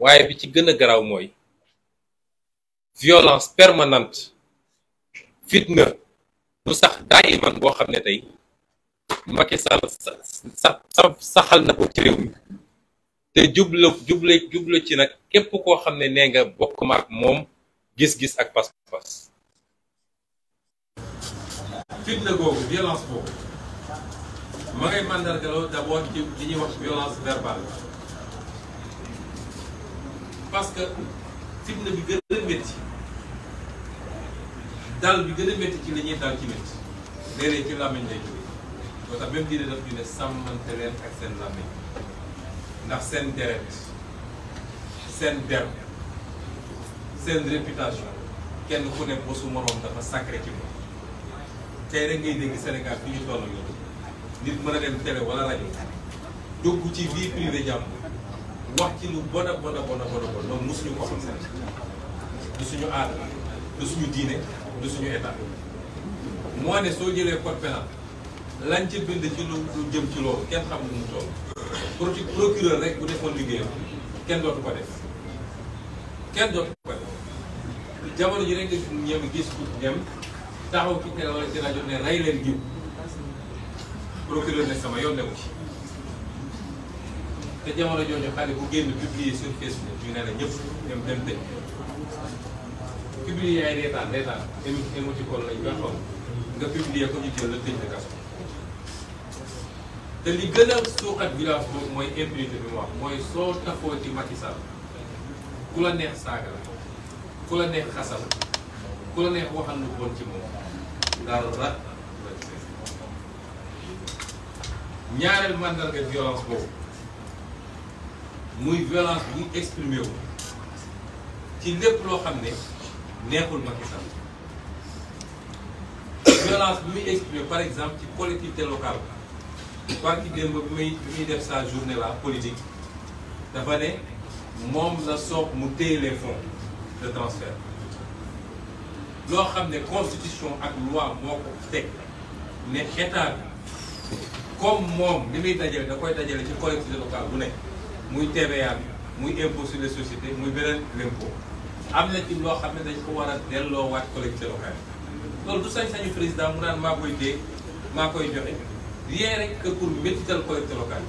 waaye bi ci gën a garaaw mooy violence permanente fitna bu sax daayiman boo xam ne tey Macky saxal na ko ci réew mi te jubla jubla jubla ci na képp koo xam ne nee nga bokk maak moom gis-gis ak pas-pas fitna googu bi gën a dal bi gën a ci la ñuy dal ci métti léeg ci làmmiñ lay jógee boo tax même diine daf ñu ne sàmmante leen ak ndax seen deret seen der seen réputation kenn ku ne bosu moroom dafa sacré ci moom tey rek ngay dégg Sénégal fi ñu toll nii nit mën a dem télé wala rajo dugg ci vie privée jàmm wax ci lu bon a bon a bon a bon a ko xam Sénégal suñu aada du suñu diine du suñu état moo ne soo jëlee code pénal lañ ci bind ci lu lu jëm ci loolu kenn xamul mu toll. procureur rek bu defoon liggéeyam kenn dootu ko def kenn dootu ko def jamono ji rek nga ñem gis ku dem taxaw ci télé wala ne rey leen jiw procureur ne sama yoon newu ci te jamono jooju xale bu génn publier sur Facebook ñu ne la ñëpp dem dem tëj. publier ay reetaan reetaan émi émoticône lañ koy xool nga publier ko ñu la tëj la kaso te li gën a suuxat village boobu mooy impunité bi mu wax mooy soo tafoo ci Macky ku la neex saaga la ku la neex xasal ku la neex waxal bon ci moom dara la ñaareel màndarga violence boobu muy violence bu exprimer ci lépp loo xam ne neexul Macky Sall violence bi muy exprimer par exemple ci collectivité locale par ki démb bi muy bi muy def sa journée la politique dafa ne moom la soog mu téye les fonds de transfert loo xam ne constitution ak loi moo ko teg ne état comme moom li muy dajale da koy dajale ci collectivité locale bu ne muy TVA bi muy impôt sur les muy beneen l'impôt am na ci loo xam ne dañ ko war a delloowaat collecteur local loolu du sañ-sañu président mu naan maa koy dee maa koy joxe rien rek que pour métital collecteur local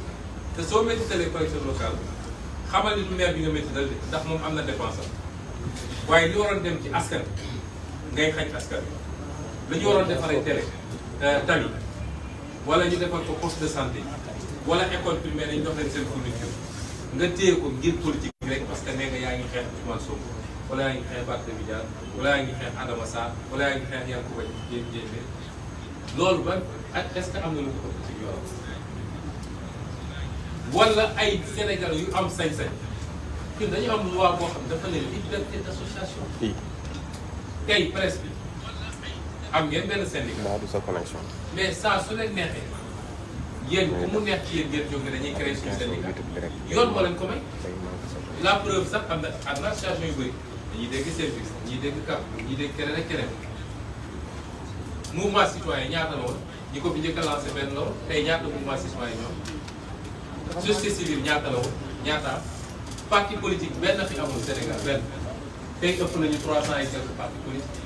te soo métitalee collecteur local xamal ni lu maire bi nga métital ndax moom am na dépense waaye li waroon dem ci askan ngay xaj askan bi la ñu waroon defaree télé euh, tali wala ñu defal ko poste de santé wala école primaire dañu dox leen seen fourniture nga téye ko ngir politique rek parce que nee nga yaa ngi xeex Ousmane Sonko wala yaa ngi xeex Barthélémy Dias wala yaa ngi xeex Adama Sarr wala yaa ngi xeex Yankuba Diémé loolu ba ak est-ce que am na lu ko ëpp ci yoon wala ay Sénégal yu am sañ-sañ ñun dañu am loi boo xam dafa ne liberté d'association. tey presse bi am ngeen benn syndicat. waaw du sa connexion. saa su leen neexee. yéen mu neex ci yéen ngeen jóg ne dañuy créer suñu syndicat yoon moo leen ko may. la preuve sax am na administration yu bëri. dañuy dégg service dañuy dégg cap dañuy dégg keneen ak keneen mouvement citoyen ñaata la woon ñi ko fi njëkk a lancé benn lool tey ñaata mouvement citoyen ñoom. société civile ñaata la woon ñaata parti politique benn fi amul Sénégal benn tey ëpp nañu trois cent et quelques partis politiques.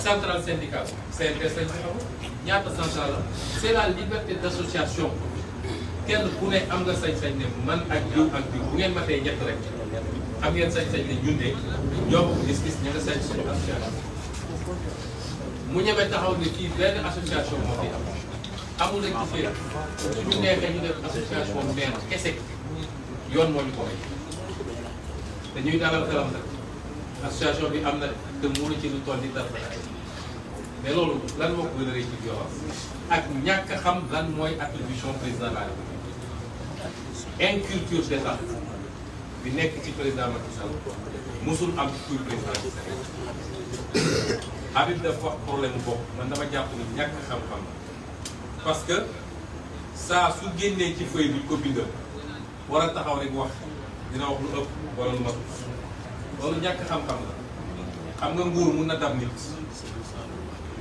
centrale syndicale CNTS lañ fi amul ñaata centrale la c'est la liberté kenn ku ne am nga sañ-sañ ne man ak diw ak diw bu ngeen matee ñett rek. am ngeen sañ-sañ ne ñun de ñoo bokk gis-gis ñu ngi sañ suñu association mu ñeme taxaw ne kii benn association moo fi am amul rek ci féer suñu neexee ñu kese yoon moo ñu ko may dañuy dalal xelam nag association bi am na te mënu ci lu toll ni dara mais loolu lan moo ko gën a rëy ak ñàkk xam lan mooy attribution président de la république inculture bi nekk ci président Macky Sall mosul am ci kuy président ci Sénégal Habib dafa wax problème mu man dama jàpp ni ñàkk xam-xam parce que saa su génnee ci feuille bi ko bindal war a taxaw rek wax dina wax lu ëpp wala lu matul loolu ñàkk xam-xam la xam nga nguur mun na dab nit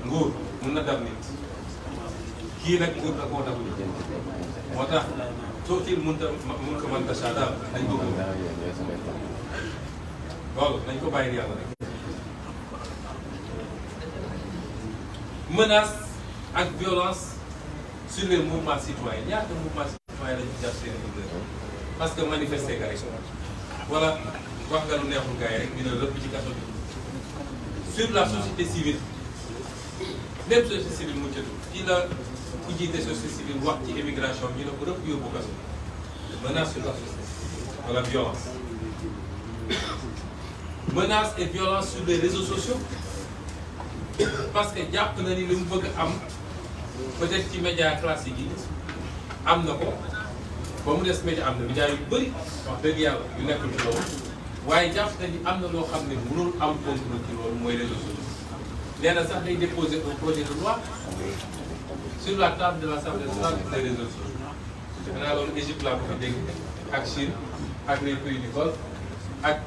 nguur mun na dab nit kii nag nguur da koo dab moo tax tuutil mënta mënta mënta saa daal dañ ko góob loolu nañ ko bàyyi yàlla rek. menace ak violence sur les mouvements citoyens ñaata mouvements citoyens lañu jàpp seen leader parce que manifester gars yi wala wax nga lu neexul gars yi rek ñu ne lépp ci kaso bi sur la société civile lépp société civile muccatu ci la. ku jiite société civile wax ci immigration ñu ne ko rëpp yóbbu kaso menace sur la société wala violence menace et violence sur les réseaux sociaux parce que jàpp na ni li mu bëgg am peut ci média classique yi am na ko ba mu des média am na média yu bëri wax dëgg yàlla yu nekkul ci loolu waaye jàpp na ni am na loo xam ne mënul am contrôle ci loolu mooy réseaux sociaux nee sax day déposer un projet de loi sur la table de l'Assemblée nationale les réseaux sociaux defe naa loolu Égypte laa ko fi dégg ak Chine ak les pays du Golfe ak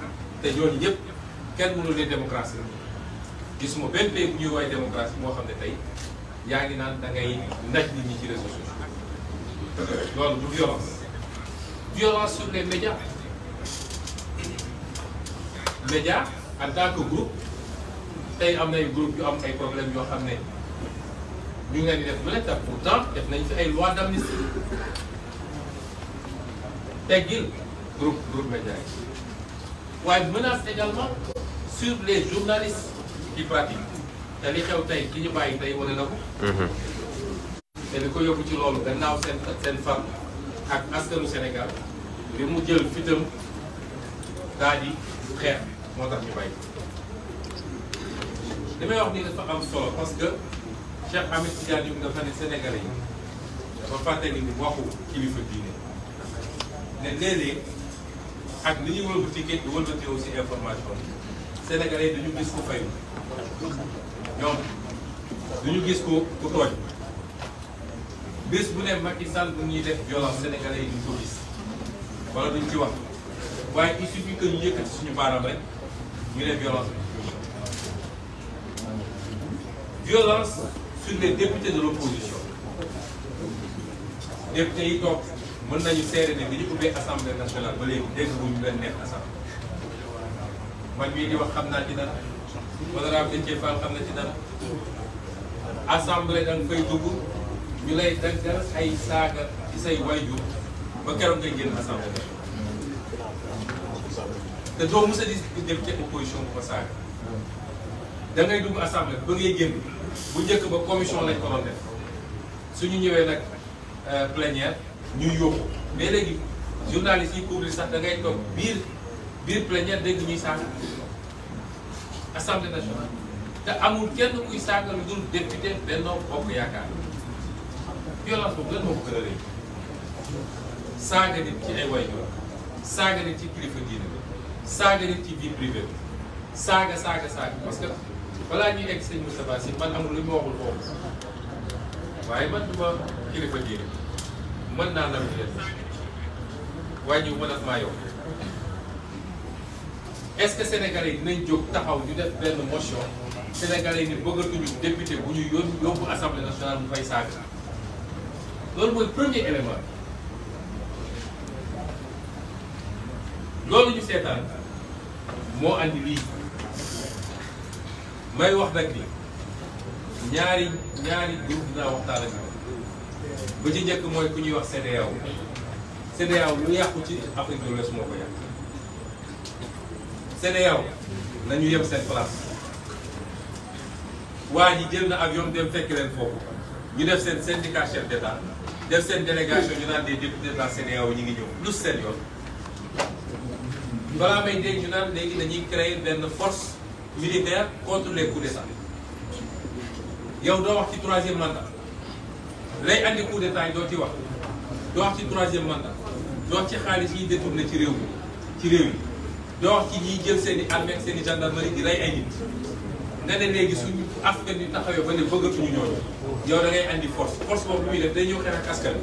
te ñooñu ñëpp kenn mënul ne démocratie gisuma benn pays bu ñuy woowee démocratie moo xam ne tey yaa ngi naan da ngay naj nit ñi ci réseaux sociaux loolu du violence violence sur les médias médias en tant que groupe tey am na ay groupe yu am ay problèmes yoo xam ne ñu ngi leen di def lu nekk pourtant def nañ fi ay loi d'amnistie teggil groupe groupe média yi waaye menace également sur les journalistes qui pratiquent te li xew tey ki ñu bàyyi tey wane na ko. Mhm. te li ko yóbbu ci loolu gannaaw seen seen fànn ak askanu Sénégal li mu jël fitam daal di xeex moo tax ñu bàyyi li wax nii dafa am solo parce Cheikh Ahmed Tidiane Youm dafa ne Sénégalais yi dafa fàttali ni waxu kilifa diine ne léeg ak ni ñuy wëlbatee di wëlbatee aussi information Sénégalais yi dañu gis ko fayu ñoom duñu gis ko ku tooñ bés bu ne Macky Sall bu ñuy def violence Sénégalais yi duñ ko gis wala duñ ci wax waaye il suffit que ñu yëkkati suñu baaraam rek ñu ne violence bi violence sur les députés de l'opposition députés yi toog mën nañu seere ne bi ñu ubbee assemblée nationale ba léegi dégg bu ñu leen nekk assemblée man mii di wax xam naa ci dara honorable Déthié Fall na ci dara assemblée dugg ñu lay daggal ay saaga ci say wayjur ba keroog ngay génn assemblée te doo mës a di député opposition bu ko saaga da dugg assemblée ba ngay génn bu njëkk ba commission lañ ko doon def suñu ñëwee nag euh, plénière ñu yóbbu mais léegi journaliste yi couvrir sax dangay ngay toog biir biir plénière dégg ñuy saaga assemblée nationale te amul kenn kuy saaga lu dul député Benno Bokk Yaakaar violence boobu lan moo ko a rëy saaga nit ci ay waajur saaga nit ci kilifa diine bi saaga nit ci vie privée bi saaga saaga saaga parce que balaa ñuy egg sëñ Moustapha Sy man amul lu ma waxul foofu waaye man du kilifa diine mën naa nam di leen waaye ñu mën ak maa yow est yi dinañ jóg taxaw ñu def benn motion sénégalais yi ni bëggatuñu député bu ñu yóbbu yóbbu assemblée nationale fay saaga loolu mooy premier élément loolu ñu seetaan moo andi may wax nag ni ñaari ñaari groupe dinaa waxtaan ak ñoom ba ci njëkk mooy ku ñuy wax CEDEAO CEDEAO lu yàqu ci Afrique de l'Ouest moo ko yàq CEDEAO nañu yem seen place waa ji jël na avion dem fekk leen foofu ñu def seen syndicat chef d'état def seen délégation ñu naan des députés de la CEDEAO ñu ngi ñëw plus seen yoon balaa may dégg ñu naan léegi dañuy créer benn force militaire contre les coups d'état yow doo wax ci troisième mandat lay andi coup de yi doo ci wax doo wax ci troisième mandat doo wax ci xaalis yi détourné ci réew mi ci réew yi doo wax ci ñiy jël seen i armée seen i gendarmerie di rey ay nit nga ne léegi suñu askan wi taxawee ba ne bëggatuñu ñooñu yow da ngay andi force force boobu muy def day ñëw xeex ak askan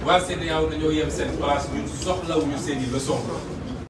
wi waa CEDEAO dañoo yem seen place ñun soxlawuñu seen i leçon